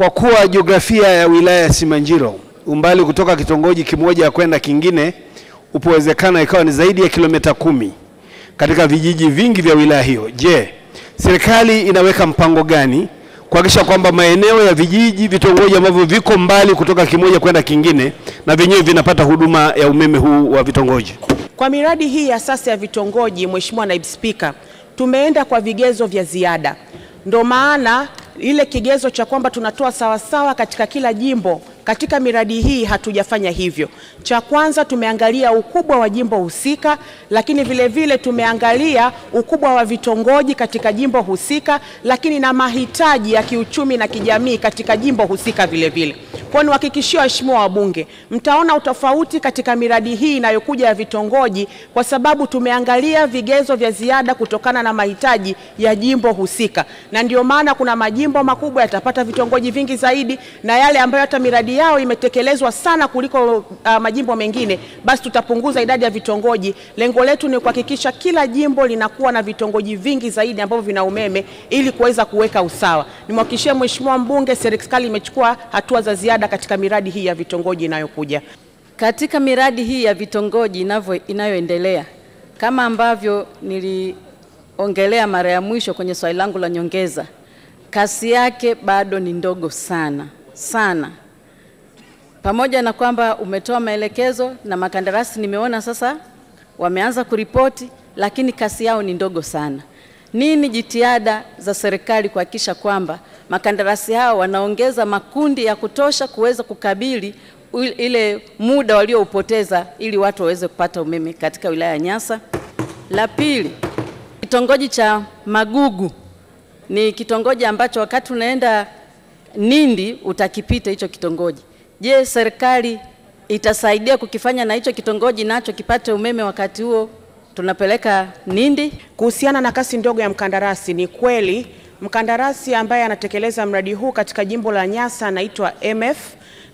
Kwa kuwa jiografia ya wilaya ya Simanjiro, umbali kutoka kitongoji kimoja kwenda kingine upowezekana ikawa ni zaidi ya kilomita kumi katika vijiji vingi vya wilaya hiyo. Je, serikali inaweka mpango gani kuhakikisha kwamba maeneo ya vijiji, vitongoji ambavyo viko mbali kutoka kimoja kwenda kingine na vyenyewe vinapata huduma ya umeme huu wa vitongoji? Kwa miradi hii ya sasa ya vitongoji, Mheshimiwa Naibu Spika, tumeenda kwa vigezo vya ziada, ndio maana ile kigezo cha kwamba tunatoa sawasawa katika kila jimbo. Katika miradi hii hatujafanya hivyo. Cha kwanza tumeangalia ukubwa wa jimbo husika, lakini vile vile tumeangalia ukubwa wa vitongoji katika jimbo husika, lakini na mahitaji ya kiuchumi na kijamii katika jimbo husika vile vile. Kwa niwahakikishie waheshimiwa wabunge, mtaona utofauti katika miradi hii inayokuja ya vitongoji, kwa sababu tumeangalia vigezo vya ziada kutokana na mahitaji ya jimbo husika, na ndio maana kuna majimbo makubwa yatapata vitongoji vingi zaidi, na yale ambayo hata miradi yao imetekelezwa sana kuliko uh, majimbo mengine, basi tutapunguza idadi ya vitongoji. Lengo letu ni kuhakikisha kila jimbo linakuwa na vitongoji vingi zaidi ambavyo vina umeme ili kuweza kuweka usawa. Nimhakikishie mheshimiwa mbunge, serikali imechukua hatua za ziada ziada katika miradi hii ya vitongoji inayokuja. Katika miradi hii ya vitongoji inayoendelea, kama ambavyo niliongelea mara ya mwisho kwenye swali langu la nyongeza, kasi yake bado ni ndogo sana sana. Pamoja na kwamba umetoa maelekezo na makandarasi nimeona sasa wameanza kuripoti, lakini kasi yao ni ndogo sana. Nini jitihada za serikali kuhakikisha kwamba makandarasi hao wanaongeza makundi ya kutosha kuweza kukabili ile muda walioupoteza ili watu waweze kupata umeme katika wilaya ya Nyasa. La pili, kitongoji cha Magugu ni kitongoji ambacho wakati unaenda Nindi utakipita hicho kitongoji. Je, serikali itasaidia kukifanya na hicho kitongoji nacho kipate umeme wakati huo tunapeleka Nindi? Kuhusiana na kasi ndogo ya mkandarasi, ni kweli Mkandarasi ambaye anatekeleza mradi huu katika jimbo la Nyasa anaitwa MF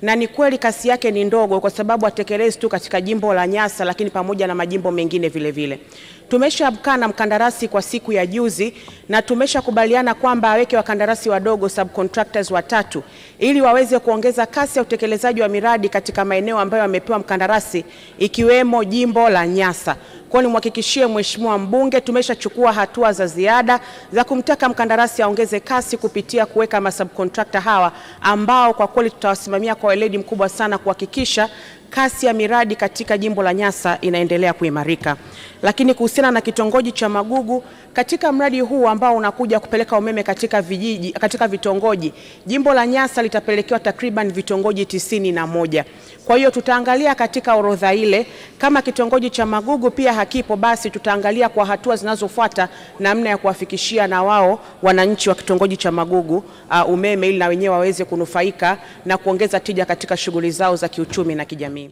na ni kweli kasi yake ni ndogo kwa sababu atekelezi tu katika jimbo la Nyasa lakini pamoja na majimbo mengine vile vile. Tumeshamkaa na mkandarasi kwa siku ya juzi na tumeshakubaliana kwamba aweke wakandarasi wadogo subcontractors watatu ili waweze kuongeza kasi ya utekelezaji wa miradi katika maeneo ambayo amepewa mkandarasi ikiwemo jimbo la Nyasa. Kwa hiyo nimhakikishie mheshimiwa mbunge tumeshachukua hatua za ziada za kumtaka mkandarasi aongeze kasi kupitia kuweka masubcontractor hawa ambao kwa kweli tutawasimamia kwa weledi mkubwa sana kuhakikisha kasi ya miradi katika jimbo la Nyasa inaendelea kuimarika. Lakini kuhusiana na kitongoji cha Magugu, katika mradi huu ambao unakuja kupeleka umeme katika vijiji, katika vitongoji, jimbo la Nyasa litapelekewa takriban vitongoji tisini na moja. Kwa hiyo tutaangalia katika orodha ile, kama kitongoji cha Magugu pia hakipo, basi tutaangalia kwa hatua zinazofuata namna ya kuwafikishia na wao wananchi wa kitongoji cha Magugu uh, umeme ili na wenyewe waweze kunufaika na kuongeza tija katika shughuli zao za kiuchumi na kijamii.